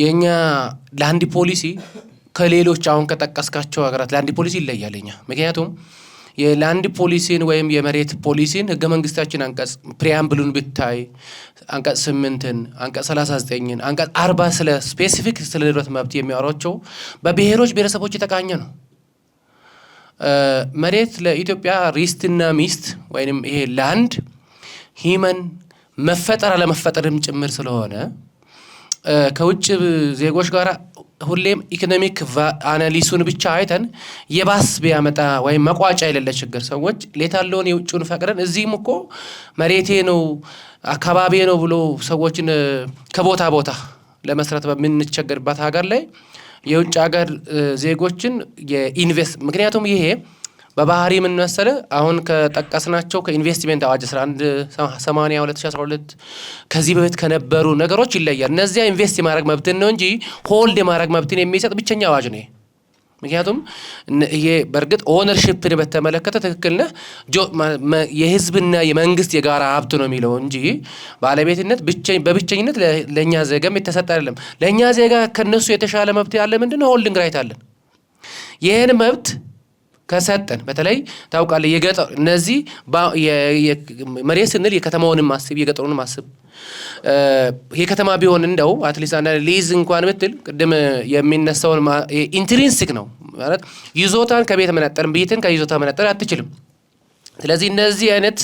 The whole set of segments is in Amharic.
የእኛ ለአንድ ፖሊሲ ከሌሎች አሁን ከጠቀስካቸው ሀገራት ለአንድ ፖሊሲ ይለያል። ኛ ምክንያቱም የላንድ ፖሊሲን ወይም የመሬት ፖሊሲን ህገ መንግስታችን አንቀጽ ፕሪያምብሉን ብታይ አንቀጽ ስምንትን አንቀጽ ሰላሳ ዘጠኝን አንቀጽ አርባ ስለ ስፔሲፊክ ስለ ንብረት መብት የሚያወሯቸው በብሔሮች ብሔረሰቦች የተቃኘ ነው። መሬት ለኢትዮጵያ ሪስትና ሚስት ወይም ይሄ ላንድ ሂመን መፈጠር አለመፈጠርም ጭምር ስለሆነ ከውጭ ዜጎች ጋር ሁሌም ኢኮኖሚክ አናሊሱን ብቻ አይተን የባስ ቢያመጣ ወይም መቋጫ የሌለ ችግር ሰዎች ሌታለውን የውጭውን ፈቅደን እዚህም እኮ መሬቴ ነው አካባቢ ነው ብሎ ሰዎችን ከቦታ ቦታ ለመስራት በምንቸገርባት ሀገር ላይ የውጭ ሀገር ዜጎችን የኢንቨስት ምክንያቱም ይሄ በባህሪ ምን መሰለ አሁን ከጠቀስናቸው ከኢንቨስትሜንት አዋጅ 1182 ከዚህ በፊት ከነበሩ ነገሮች ይለያል። እነዚያ ኢንቨስት የማድረግ መብትን ነው እንጂ ሆልድ የማድረግ መብትን የሚሰጥ ብቸኛ አዋጅ ነው። ምክንያቱም ይሄ በእርግጥ ኦነርሽፕን በተመለከተ ትክክል ነህ። የህዝብና የመንግስት የጋራ ሀብት ነው የሚለው እንጂ ባለቤትነት በብቸኝነት ለእኛ ዜጋም የተሰጠ አይደለም። ለእኛ ዜጋ ከነሱ የተሻለ መብት ያለ ምንድን ነው? ሆልዲንግ ራይት አለን። ይህን መብት ከሰጠን በተለይ ታውቃለህ፣ የገጠር እነዚህ መሬት ስንል የከተማውንም ማስብ የገጠሩን ማስብ የከተማ ቢሆን እንደው አትሊስት አንዳንድ ሊዝ እንኳን ብትል ቅድም የሚነሳውን ኢንትሪንሲክ ነው ማለት ይዞታን ከቤት መነጠር ቤትን ከይዞታ መነጠር አትችልም። ስለዚህ እነዚህ አይነት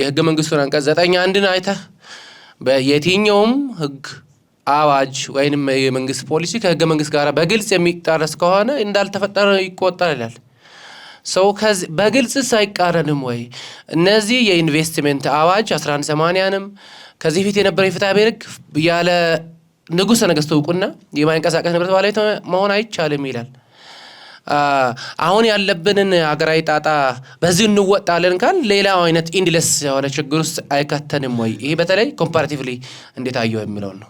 የህገ መንግስቱን አንቀጽ ዘጠኝ አንድን አይተህ የትኛውም ህግ አዋጅ ወይንም የመንግስት ፖሊሲ ከህገ መንግስት ጋር በግልጽ የሚጣረስ ከሆነ እንዳልተፈጠረ ይቆጠር ይላል። ሰው በግልጽስ አይቃረንም ወይ? እነዚህ የኢንቨስትሜንት አዋጅ 1180ንም ከዚህ ፊት የነበረው የፍትሐ ብሔር ህግ ያለ ንጉሠ ነገሥት እውቅና የማይንቀሳቀስ ንብረት ባለቤት መሆን አይቻልም ይላል። አሁን ያለብንን ሀገራዊ ጣጣ በዚህ እንወጣለን ካል ሌላው አይነት ኢንድለስ የሆነ ችግር ውስጥ አይከተንም ወይ? ይሄ በተለይ ኮምፓራቲቭሊ እንዴት አየው የሚለውን ነው።